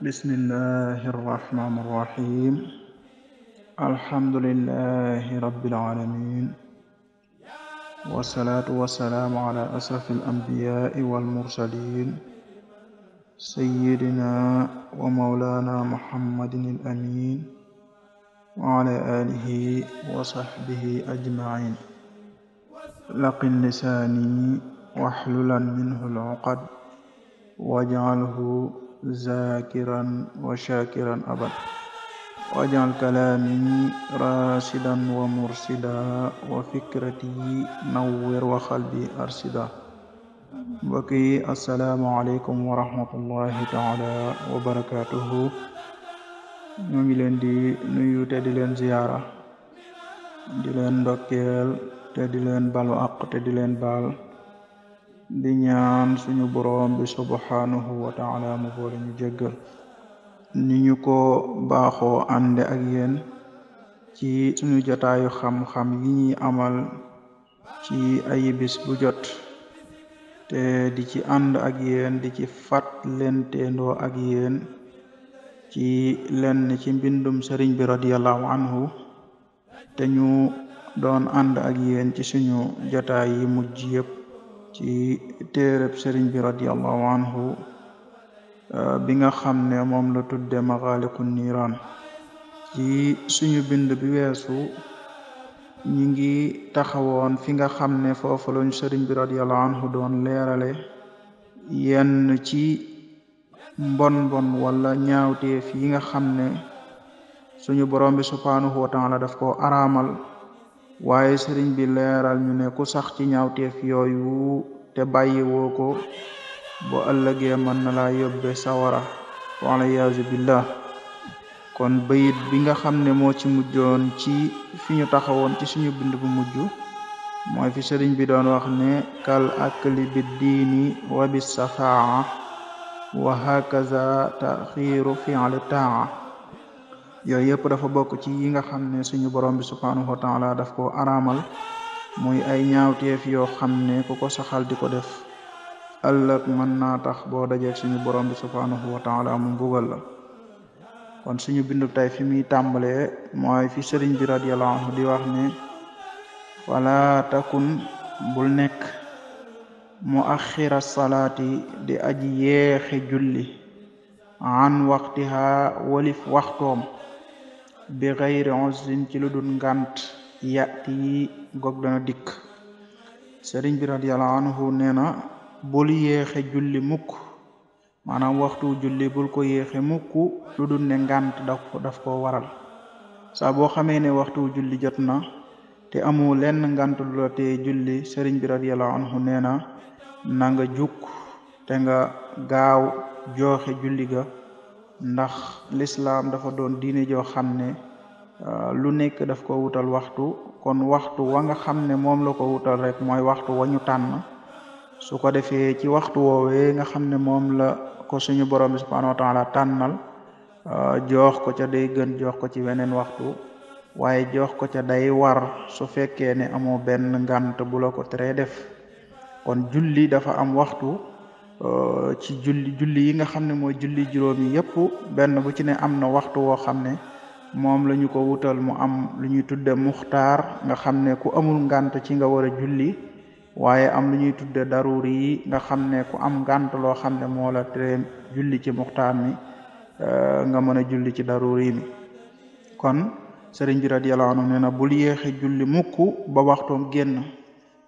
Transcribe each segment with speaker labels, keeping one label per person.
Speaker 1: bismillahi arrahmani irrahim alhamdulilahi rabilalamin wasalaatu wasalaamu ala asrafi alambiyai walmursalin sayyidina wa mawlana muhammadin alamin wa ala alihi wa sahbihi ajmain laqin lisaani waxlulan minhu alcuqad wajcalhu zakiran wa shakiran abad wajal kalaami rashidan wa mursida wa fikrati nawwir wa xalbi arsida mbokk yi asalaamualeykum wa rahmatullahi taala wa barakatuhu ñu ngi leen di nuyu di leen ziyaara di leen ndokkeel te di leen balu aq di leen baal di ñaan suñu boroom bi subhanahu wa taala mu boole ñu jéggal ni ñu ko baaxoo ànde ak yen ci suñu jataayu xam-xam yi amal ci ay bis bu jot te di ci ànd ak yéen di ci fat leen teendoo ak yéen ci lenn ci mbindum sëriñ bi radiallahu anhu te ñu doon ànd ak yéen ci suñu jotaay yi mujj yépp ci téereb sëriñ bi radiallahu anhu euh, bi nga xam ne moom la tudde maxaaliqu niiraan ci suñu bind bi weesu ñu ngi taxawoon fi nga xam ne foofu lañu bi radiallahu anhu doon leerale yenn ci mbon mbon wala ñaawteef yi nga xam ne suñu borom bi subhaanahu wa taala daf ko araamal waaye sëriñ bi leeral ñu ne ku sax ci ñaawteef yooyu te bàyyiwoo ko bu ëllëgee man na la yóbbe sawara waliyasu billah kon bayit bi nga xam ne moo ci mujjoon ci fi ñu taxawoon ci suñu bind bu mujj mooy fi sëriñ bi doon wax ne kal akli bi diini wa bi safaa wa hakaza taxiiru fi'l taa yooyu yëpp dafa bokk ci yi nga xam ne suñu borom bi subhanahu wa taala daf ko aramal muy ay ñaawteef yoo xam ne ku ko saxal di ko def ëllëg mën naa tax boo dajee suñu borom bi subhanahu wa taala mu mbugal la kon suñu bindu tay fi muy tàmbalee mooy fi sëriñ bi radiyallahu anhu di wax ne wala takun bul nekk mu axira salaati di aji yeexi julli an waxtiha waxtoom bi xayri uzrin ci lu ngant yati goog dana dikk sëriñ bi radiallahu anhu nee na bul yéexe julli mukk maanaam waxtu julli bul ko yéexe mukk lu dul ne ngànt daf ko waral saa boo xamee ne waxtu julli jot na te amu lenn ngànt lu la te julli sëriñ bi radiallahu anhu nee na na nga te nga gaaw jooxe julli ga ndax lislam dafa doon diine joo xam ne Euh, lu nekk daf ko wutal waxtu kon waxtu wa nga xam ne moom la ko wutal rek mooy waxtu wa ñu tànn su ko defee ci waxtu woowee nga xam ne moom la ko suñu borom bi subhanahu wa euh, jox ko ca day gën jox ko ci weneen waxtu waaye jox ko ca day war su fekkee ne amoo benn ngant bu la ko teree def kon julli dafa am waxtu euh, ci julli julli yi nga xam ne mooy julli juróom yi yépp benn bu ci ne am na waxtu woo xam ne moom lañu ko wutal mu am lu ñuy tudde muxtaar nga xam ne ku amul ngànt ci nga war julli waaye am lu ñuy tudde daruri yi nga xam ne ku am ngànt loo xam ne moola la julli ci muxtaar mi euh, nga mën a julli ci daruri mi kon sëriñ bi radiyallahu anhu nee na bul yéexi julli mukk ba waxtoom génn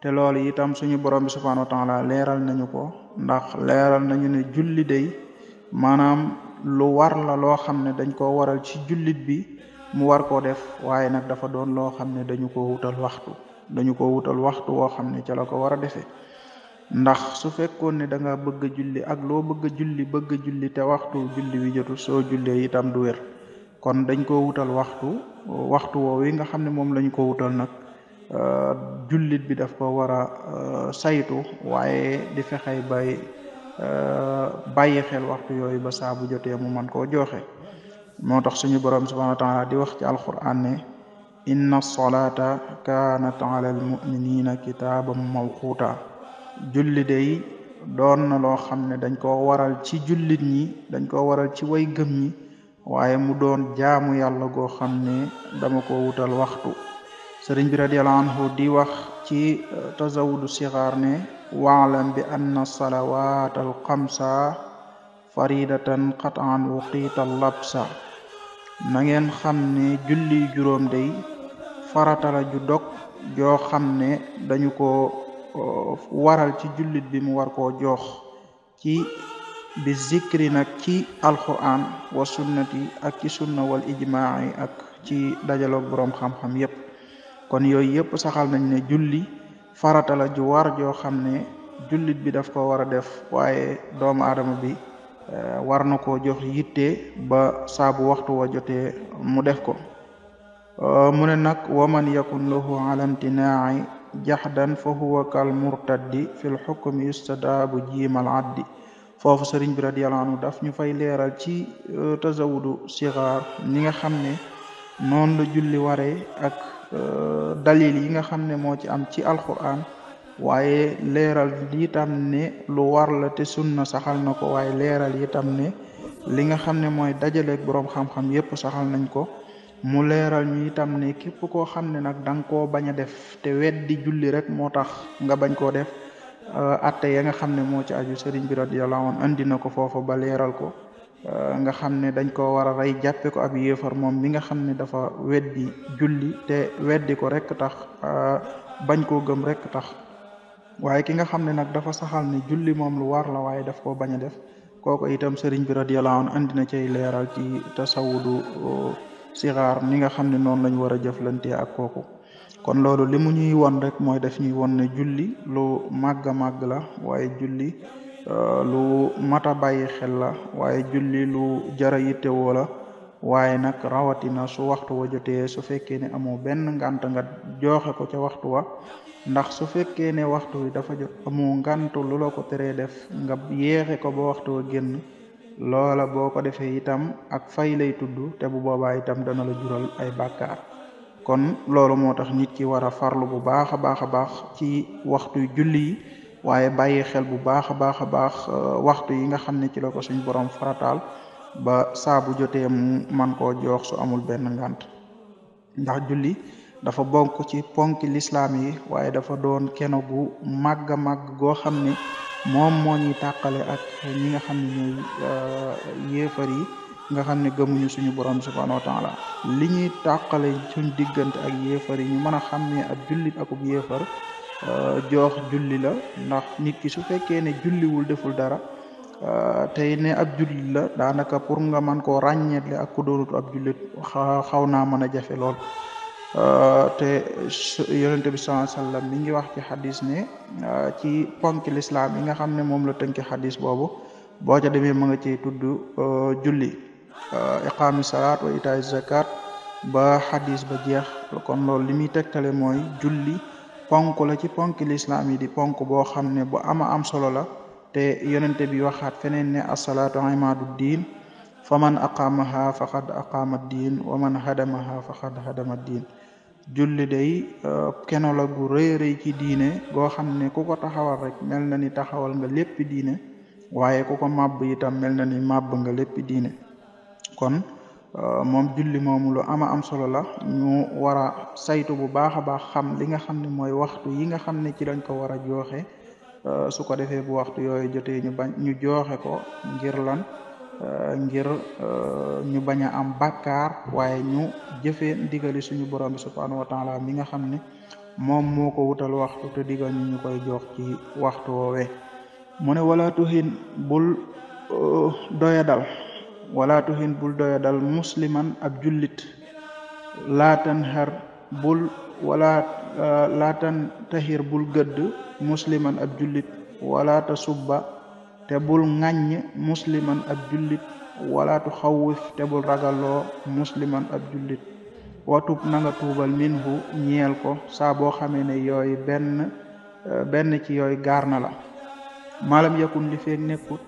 Speaker 1: te loolu itam suñu borom bi subhanahu leeral nañu ko ndax leeral nañu ne julli day maanaam lu war la loo xam ne dañ koo waral ci jullit bi mu war koo def waaye nag dafa doon loo xam ne dañu koo wutal waxtu dañu ko wutal waxtu woo xam ne ca la ko war a defee ndax su fekkoon ne da nga bëgg julli ak loo bëgg julli bëgg julli te waxtu julli wi jotul soo jullee itam du wér kon dañ ko wutal waxtu waxtu woowu yi nga xam ne moom lañ ko wutal nag euh, jullit bi daf koo war a euh, saytu waaye di fexey bay Euh, bàyyi xel waxtu yooyu ba saa bu jotee mu man koo joxe moo tax suñu borom subhanahu wa taala di wax ci alquran ne inna solata kaanat alal muminina kitaaban mawquta julli day doon na loo xam ne dañ koo waral ci jullit ñi dañ koo waral ci way gëm ñi waaye mu doon jaamu yàlla goo xam ne dama ko wutal waxtu sëriñ bi radiyallahu anhu di wax ci euh, tazawudu sixaar ne walam bi anna salawaat alxamsa faridatan qataan wuqiita labsa na ngeen xam ne julli juróom day faratala ju dog joo xam ne dañu ko uh, waral ci jullit bi mu war koo jox ci bi zikri nag ci alquran wa sunnati ak ci sunna wal ijmaa ak ci dajaloog boroom xam-xam yépp kon yooyu yépp saxal nañ ne julli farata la ju war joo xam ne jullit bi daf ko war a def waaye doomu aadama bi eh, warna na koo jox yitte ba saabu waxtu wa jote mu def ko eh, mu ne nag waman yakun lahu alamtinaai jaxdan fa huwa kal murtaddi fil xukmi yustadaabu jiimal addi foofu sëriñ bi radiyallahu daf ñu fay leeral ci eh, tazawudu sigaar ñi nga xam ne noonu la julli waree ak Euh, dalil yi nga xam ne moo ci am ci alquran waaye leeral itam ne lu war la te sunna saxal na ko waaye leeral itam ne li nga xam ne mooy dajaleeg boroom xam-xam yépp saxal nañ ko mu leeral ñu itam ne képp koo xam ne nag da nga bañ a def te weddi julli rek moo tax nga bañ koo def euh, atte ya nga xam ne moo ci aju sëriñ bi radiyallahu anhu na ko foofu ba leeral ko Euh, nga xam ne dañ ko war a rey jàppe ko ab yéefar moom mi nga xam ne dafa weddi julli te weddi ko rek tax euh, bañ koo gëm rek tax waaye ki nga xam ne nag dafa saxal ne julli moom lu war la waaye daf ko bañ a def kooku itam sëriñ bi radiyallahu anhu andi na ci leeral ci tasawudu euh, sixaar ni nga xam ne noonu lañ war a jëflantee ak kooku kon loolu limu mu ñuy won rek mooy def ñuy won ne julli lu màgg a màgg la waaye julli Euh, lu mat a bàyyi xel la waaye julli lu jara yittewoo la waaye nag rawatina su waxtu wa jotee su fekkee ne amoo benn ngànt nga joxe ko ca waxtu wa ndax su fekkee ne waxtu wi dafa jot amoo ngànt lu la ko teree def nga yeexe ko ba waxtu wa génn loola boo ko defee itam ak fay lay tudd te bu boobaa itam dana la jural ay bàkkaar kon loolu moo tax nit ki war a farlu bu baax a baax a baax ci waxtu julli yi waaye bàyyi xel bu baax a baax a baax euh, waxtu yi nga xam ne ci la ko suñ borom farataal ba saabu jotee mu man koo joox su amul benn ngant ndax julli dafa bokk ci ponki lislaam yi waaye dafa doon keno gu màgg a màgg goo xam ne moom moo ñuy tàqale ak ñi nga xam ne ñooy euh, yéefar yi nga xam ne gëmuñu suñu borom subhanahu temps taala li ñuy tàqale suñ diggante ak yéefar yi ñu mën a xam xàmmee ab jullit akub yéefar Euh, joox julli la ndax nit ki su fekkee ne julliwul deful dara euh, tey ne ab jullit la daanaka pour nga man koo ràññeetle ak ku doonutu ab jullit xaw naa mën a jafe lool euh, te yonente bi sallallahu mi ngi wax ci xadis ne ci ponk lislaam nga xam ne moom la tënki xadis boobu boo ca demee ma nga ciy tudd julli iqaami salaat wa itaay zakat ba xadis ba jeex kon loolu li muy tegtale mooy julli ponk la ci ponki lislaam yi di ponk boo xam ne bu ama am solo la te yonente bi waxaat feneen ne asalaatu imaadu diin fa man aqaamaha faqad aqaama diin wa man hadamaha faqad hadama diin julli day uh, keno la gu rëy ci diine goo xam ne ku ko taxawal rek mel na ni taxawal nga lépp diine waaye ku ko màbb itam mel na ni màbb nga lépp diine kon Euh, moom julli moom lu ama am solo la ñu war a saytu bu baax a baax xam li nga xam ne mooy waxtu yi nga xam ne ci lañ ko war a jooxe euh, su ko defee bu waxtu yooyu jotee ñu bañ ñu jooxe ko ngir lan euh, ngir ñu bañ a am bàkkaar waaye ñu jëfee ndigali suñu borom bi subhanahu mi nga xam ne moom moo ko wutal waxtu te digal ñu ñu koy jox ci waxtu woowe mu ne wala tuhin bul doya dal wala tuhin bul doya dal musliman ab jullit laatan xar bul eh, bul gëdd musliman ab jullit wala ta subba te bul ŋàññ musliman ab jullit wala tu xawif te bul ragaloo musliman ab jullit watub na nga tuubal minhu ñeel ko saa boo xamee ne yooyu benn eh, ci yooy gaar na la maalam yakun li feeg nekkut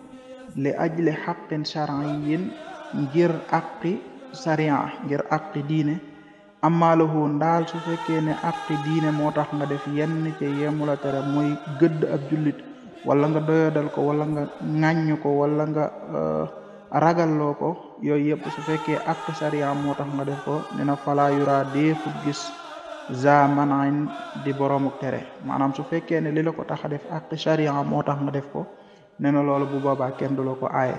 Speaker 1: li ajli xaqin chariyin ngir àqi sarian ngir àqi diine amaalahu ndaal su fekkee ne àqi diine moo tax nga def yenn ci yemula tere mooy gëdd ab jullit wala nga doyadal ko wala nga ŋàññ ko wala nga euh, ragalloo ko yooyu yëpp su fekkee àqi sariya moo tax nga def ko dina falayura yura deefut gis za manain di boroomu tere maanaam su fekkee ne li la ko tax a def àqi sariya moo tax nga def ko nee na loolu bu boobaa kenn du la ko aaye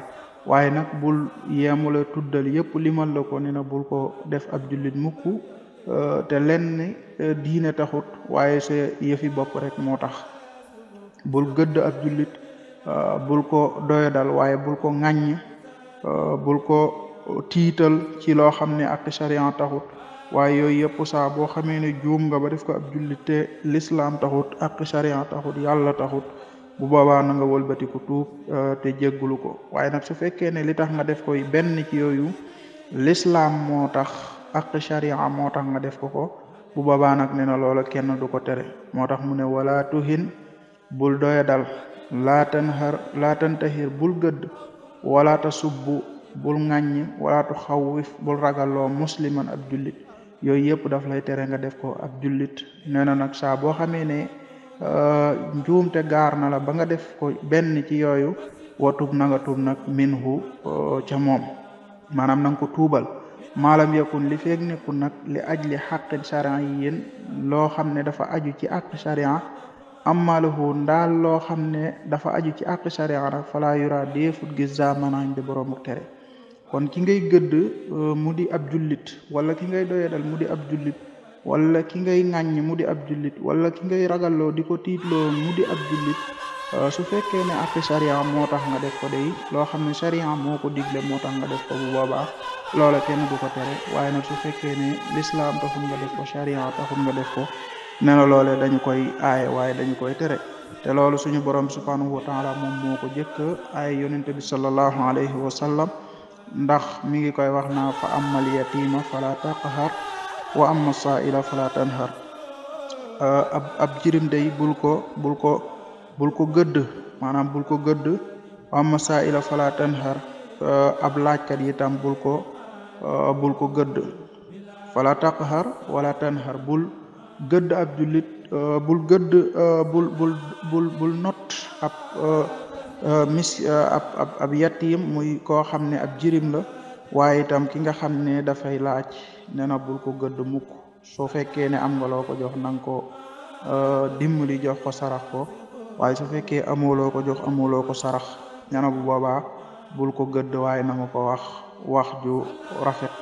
Speaker 1: waaye nag bul yeemula tuddal yëpp limal la ko nee na bul ko def ab jullit mukk euh, te lenn euh, diine taxut waaye sa yëfi bopp rek moo tax bul gëdd ab jullit euh, bul ko dal waaye bul ko ŋàññ bul ko tiital ci loo xam ne ak charian taxut waaye yooyu yëpp saa boo xamee ne juum nga ba def ko ab jullit te lislaam taxut ak charian taxut yàlla taxut bu boobaa na nga wëlbatiku tuub euh, te jéggulu ko waaye nag su fekkee ne li tax nga def koy benn ci yooyu lislaam moo tax ak sharia moo tax nga def ko ko bu boobaa nag nee na loola kenn du ko tere moo tax mu ne wala tuhin bul doya dal laa tanhar laa tantahir bul gëdd wala ta subbu bul ŋàññi wala tu xawwif bul ragaloo musliman ab jullit yooyu yëpp daf lay tere nga def ko ab julit nee na nag xamee ne Euh, njuumte gaar na la ba nga def ko benn ci yooyu watub na nga tub nag minhu euh, ca moom maanaam na nga ko tuubal maalam yakun li feeg nekku nag li ajli xaqin charia yi yéen loo xam ne dafa aju ci àq charia amma lahu ndaal loo xam ne dafa aju ci àq charia nag fala yura deefut gis zamanaañ bi boroomu tere kon ki ngay gëdd euh, mu di ab jullit wala ki ngay doyadal mu di ab jullit wala ki ngay ŋàññ mu di ab jullit wala ki ngay ragalloo di ko tiitloo mu di ab jullit euh, su fekkee ne àtte charia moo tax nga def ko day loo xam ne charia moo ko digle moo tax nga def ko bu boobaa loola kenn du ko tere waaye nag su fekkee ne lislaam taxul nga def ko charia taxul nga def ko ne la loolee dañu koy aaye waaye dañu koy tere te loolu suñu borom subhanahu wa taala moom moo ko jëkk ay yonente bi sallallahu alayhi wa sallam ndax mi ngi koy wax naa fa amal yatima fala taqhar wa amma sa'ila fala tanhar ab ab jirim day bul ko bul ko bul ko gëdd maanaam bul ko gëdd wa amma sa'ila fala ab laajkat itam bul ko bul ko gëdd fala taqhar wala tanhar bul gëdd ab jullit bul gëdd bul bul not ab mis ab muy koo xam ne ab jirim la waaye itam ki nga xam ne dafay laaj nena bul ko gëdd mukk soo fekkee ne am nga ko jox nang ko euh, dimbali jox ko sarax ko waaye su fekkee amuloo ko jox amuloo ko sarax nee bu boobaa bul ko gëdd waaye na ko wax wax ju rafet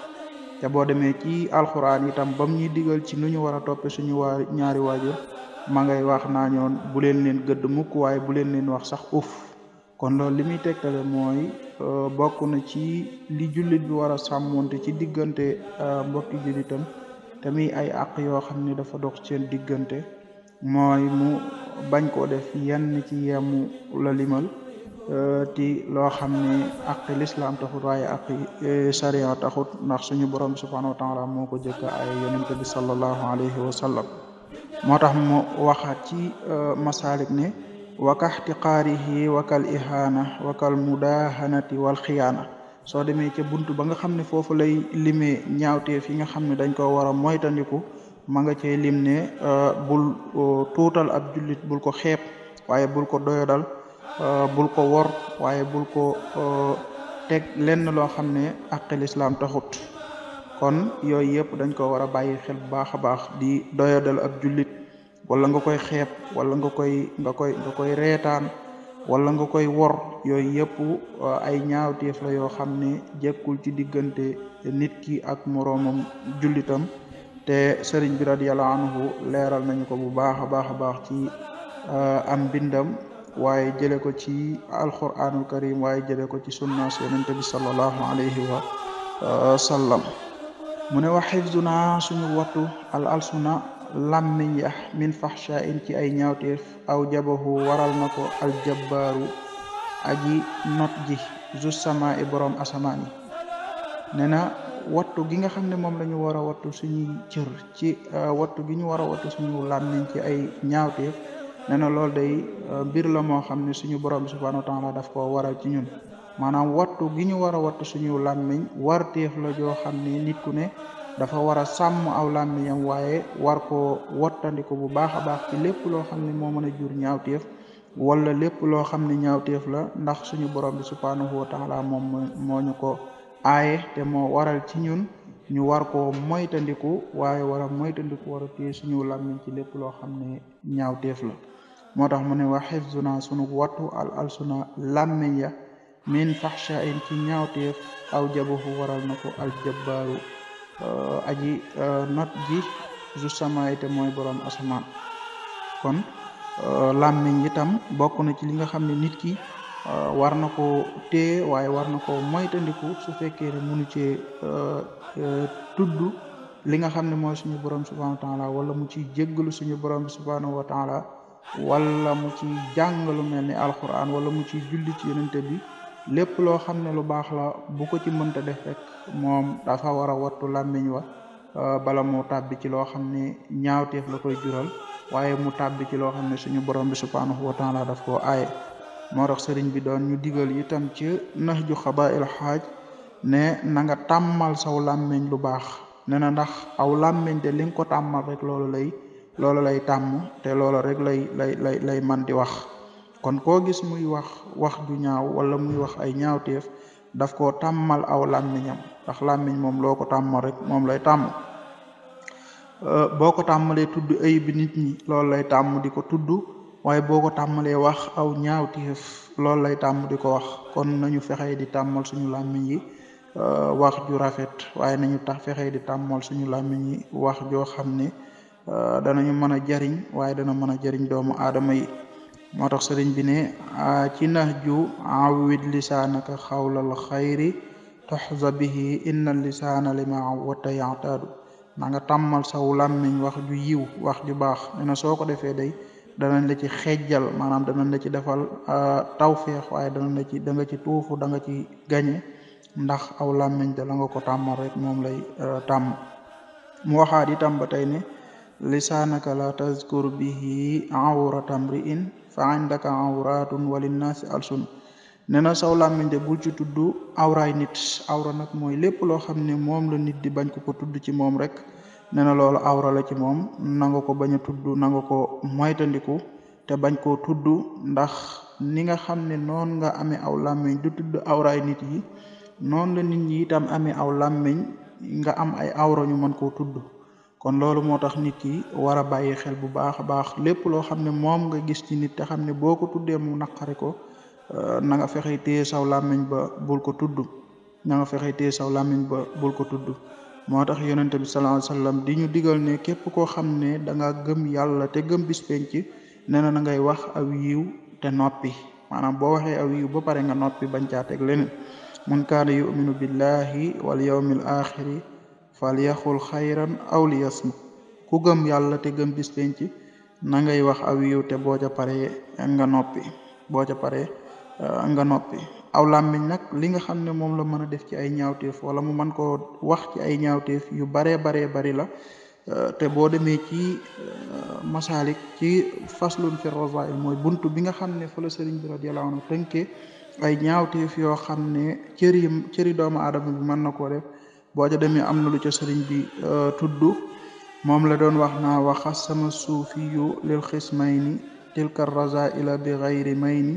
Speaker 1: te boo demee ci alxuraan itam bam ñuy digal ci nu ñu war a toppe suñu waa ñaari waajur ma ngay wax naa ñoon bu leen leen gëdd mukk waaye bu leen leen wax sax uuf kon loolu li muy tegtale mooy Euh, bokk na ci li jullit bi war a sàmmonte ci diggante euh, mbokki jullitam te ay àq yoo xam ne dafa dox seen diggante mooy mu bañ koo def yenn ci yemu la limal euh, ti loo xam ne àqi lislaam taxut waaye àqi sariya taxut ndax suñu borom subhanahu wa taala moo ko jëkk ay yonent bi sallallahu alayhi wa moo tax mu waxaat ci masalik ne wa ka ixtiqaarihi wa kal ihaana wa kal wal xiyaana soo demee ca bunt ba nga xam ne foofu lay limee ñaawteef yi nga xam ne dañ ko war a moytandiku ma nga cee lim ne euh, bul euh, tuutal ab julit bul ko xeeb waaye bul ko doyodal euh, bul ko wor waaye bul ko teg lenn loo xam ne àqi lislaam taxut kon yooyu yëpp dañ ko war a bàyyi xel bu baax a baax di doyodal ab julit wala nga koy xeeb wala nga koy nga koy koy reetaan wala nga koy wor yooyu yëpp uh, ay ñaawteef la yoo xam ne jekkul ci diggante nit ki ak moroomam julitam te sëriñ bi radiyallahu anhu leeral nañu ko bu baax a baax a baax ci uh, am mbindam waaye jële ko ci alquranul karim waaye jële ko ci sunna yonente bi sallallahu alayhi wa uh, sallam mu ne wax xifduna suñu wattu al alsuna làmmiñ ya min faxsha ci ay ñaawteef aw jabahu waral na ko aljabbaaru aji not ji zu sama i boroom asamaan yi nee na wattu gi nga xam ne moom lañu ñu war a wattu suñuy cër ci wattu gi ñu war a wattu suñu làmmiñ ci ay ñaawteef nee na loolu day mbir la moo xam ne suñu borom bi subhanahu wa taala daf koo waral ci ñun maanaam wattu gi ñu war wattu suñu làmmiñ warteef la joo xam ne nit ku ne dafa war a sàmm aw làmmiñam waaye war koo wottandiku bu baax a ci lépp loo xam ne moo mën a jur ñaawteef wala lépp loo xam ne ñaawteef la ndax suñu borom bi subhaanahu wa taala moom moo ñu ko aaye te moo waral ci ñun ñu war koo moytandiku waaye war a moytandiku war suñu làmmiñ ci lépp loo xam ne ñaawteef la moo tax mu ne wa xifzuna sunu wattu al alsuna làmmiñ ya min faxsha in ci ñaawteef aw jabahu waral na ko al Euh, aji euh, not ji ju sama te mooy borom asamaan kon euh, làmmiñ yitam bokk na ci li nga xam ne nit ki war na ko téye waaye war na ko moytandiku su fekkee ne munu cee tudd li nga xam ne mooy suñu borom subhanahu wa taala wala mu ciy jéggalu suñu borom bi subhanahu wa taala wala mu ciy jàngalu mel ni alquran wala mu ciy julli ci yonente bi lépp loo xam ne lu baax la bu ko ci mënta def rek moom dafa war a wattu làmmiñ wa euh, bala mu tàbbi ci loo xam ne ñaawteef la koy jural waaye mu tabbi ci loo xam ne suñu borom bi subhanahu wa taala daf ko aaye moo tax sëriñ bi doon ñu digal itam ci nax ju xabail xaaj ne na nga tàmmal saw làmmiñ lu baax ne na ndax aw làmmiñ te li nga ko tàmmal rek loolu lay loolu lay tàmm te loolu rek lay lay lay lay man di wax kon koo gis muy wax wax ju ñaaw wala muy wax ay ñaawteef daf ko tàmmal aw làmmiñam tax làmmiñ moom loo ko tàmmal rek moom lay tàmm euh, boo ko tàmmalee tudd ay bi nit loolu lay tàmm di ko tudd waaye boo ko tàmmalee wax aw ñaawteef loolu lay tàmm di ko wax kon nañu fexee di tàmmal suñu làmmiñ yi euh, wax ju rafet waaye nañu tax fexee di tàmmal suñu làmmiñ yi wax joo xam ne euh, danañu mën a jariñ waaye dana mën a jariñ doomu aadama yi moo tax sëriñ bi ne ci nax ju awid lisaanaka xawlal xayri toxza bihi inna lisaana lima wata yataadu na nga tàmmal saw làmmiñ wax ju yiw wax ju baax nee na soo ko defee day danañ la ci xejjal maanaam danañ la ci defal tawféex waaye danañ la ci da ci tuufu da nga ci gañe ndax aw làmmiñ da la nga ko tàmmal rek moom lay tàmm mu waxaat itam ba tey ne lisaanaka la tazkur bihi awrata mri'in fa indaka awratun walinnaasi alsun nee na saw làmmiñ de bul ci tudd awraynit nit awra nag mooy lépp loo xam ne moom la nit di bañ ko ko tudd ci moom rek nee na loolu awra la ci moom nanga ko bañ a tudd nanga ko moytandiku te bañ koo tudd ndax ni nga xam ne noon nga amee aw làmmiñ du tudd awraay nit yi noonu la nit ñi itam amee aw làmmiñ nga am ay awra ñu mën koo tudd kon loolu moo tax nit ki war a bàyyi xel bu baax a baax lépp loo xam ne moom nga gis ci nit te xam ne boo ko tuddee mu naqari ko euh, na nga fexe téye saw làmmiñ ba bul ko tudd na nga fexe téye saw làmmiñ ba bul ko tudd moo tax yonente bi sallallahu alayhi wasallam di ñu digal ne képp koo xam ne danga gëm yàlla te gëm bis penc nee na na ngay wax aw yiw te noppi maanaam boo waxee aw yiw ba pare nga noppi bañ caa teg leneen mun kaana yuminu billahi wal yawmil axiri falyaxul xayran aw liyasmut ku gëm yàlla te gëm bis penc na ngay wax aw yiw te boo ca pare eh, nga noppi boo ca pare eh, nga noppi aw làmmiñ nag li nga xam ne moom la mën a def ci ay ñaawteef wala mu mën koo wax ci ay ñaawteef yu baree baree bari la eh, te boo demee ci masaalik ci faslun fi razail mooy bunt bi nga xam ne fa la sëriñ bi radiyallahu anhu tënkee ay ñaawteef yoo xam ne cëri cëri doomu aadama bi mën na koo def boo ca demee am na lu ca sëriñ bi euh, tudd moom la doon wax naa waxas sama suufiyu lil xismayni tilka razaila bi xayri mayni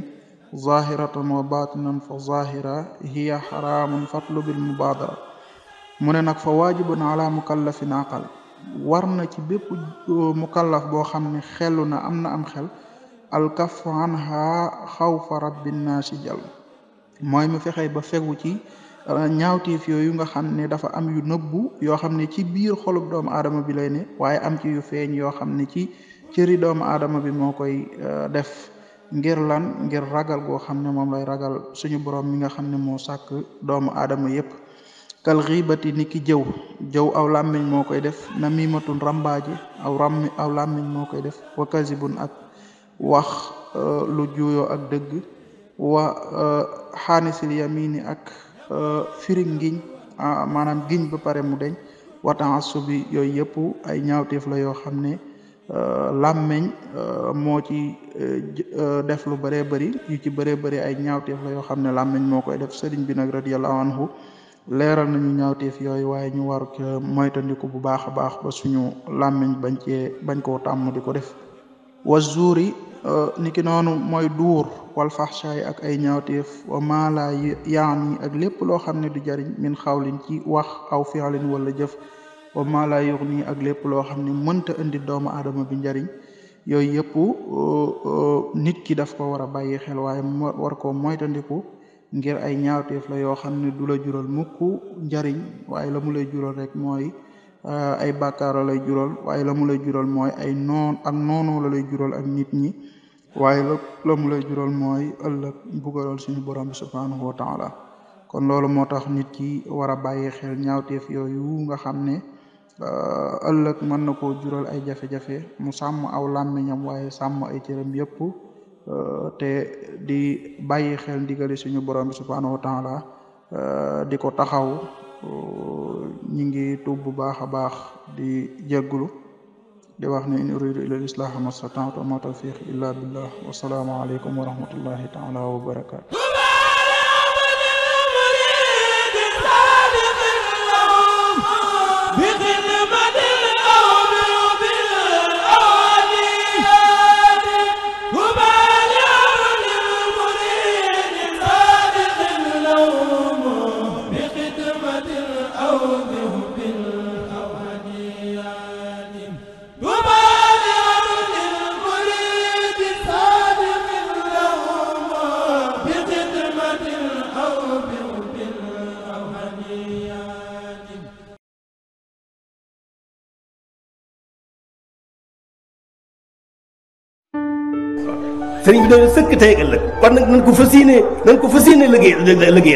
Speaker 1: zahiratan wa batinan fa zahira hiya xaraamun fatlu bil mubadara mu ne nag fa waajibun ala mukallafin aqal war na ci bépp euh, mukallaf boo xam ne xelu na am na am xel alkafu anha xawfa rabbi naasi jàll mooy mu fexey ba fegu ci Euh, ñaawteef yooyu nga xam ne dafa am yu nëbbu yoo xam ne ci biir xolub doomu aadama bi lay ne waaye am ci yu feeñ yoo xam ne ci cëri doomu aadama bi moo koy euh, def ngir lan ngir ragal goo xam ne moom lay ragal suñu borom mi nga xam ne moo sàkk doomu aadama yépp kal xiibati ni ki jëw jëw aw làmmiñ moo koy def namimatun rambaaji aw rammi aw làmmiñ moo koy def wa kasibun ak wax euh, lu juuyoo ak dëgg wa xaanisil yamini ak Euh, firi ngiñ ah, maanaam giñ ba pare mu deñ wataasu sobi yooyu yëpp ay ñaawteef la yoo xam ne euh, làmmeñ euh, moo ci def lu bëree bari yu ci bëree bëri ay ñaawteef la yoo xam ne làmmeñ moo koy def sëriñ bi nag radiyallahu anhu leeral nañu ñaawteef yooyu waaye ñu war moytandiku bu baax a baax ba suñu làmmiñ bañ cee bañ koo tàmm di ko def wa zuuri Euh, niki noonu mooy duur wal faxshaay ak ay ñaawteef wa maa laa yaani ak lépp loo xam ne du jariñ min xawlin ci wax aw fi'lin wala jëf wa maa laa yuxni ak lépp loo xam ne mënta indi doomu aadama bi njariñ yooyu yëpp euh, euh, nit ki daf ko war a bàyyi xel waaye war koo moytandiku ngir ay ñaawteef la yoo xam ne du la jural mukk njariñ waaye la mu lay jural rek mooy Euh, ay bakaaro lay jural waaye la mu lay jural mooy ay noon ak noonoo la lay jural ak nit ñi waaye la la lay jural mooy ëllëg mbugalal suñu borom bi subhanahu wa taala kon loolu moo tax nit ki war a bàyyi xel ñaawteef yooyu nga xam ne euh, ëllëg mën na ko jural ay jafe-jafe mu sàmm aw làmmiñam waaye sàmm ay cëram yépp euh, te di bàyyi xel ndigali suñu borom bi subhanahu wa taala di ko taxaw ñi ngi tuub bu baax a baax di jéggulu di wax ne in uridu illa al-islaha mastata'tu ma tawfiqi illa billah wa salaamu alaykum wa rahmatullahi ta'ala wa barakatuh sëriñ bi dañoo sëkk tey ëllëg kon nag nañ ko fas yéene nañ ko fas yéene liggéey liggéey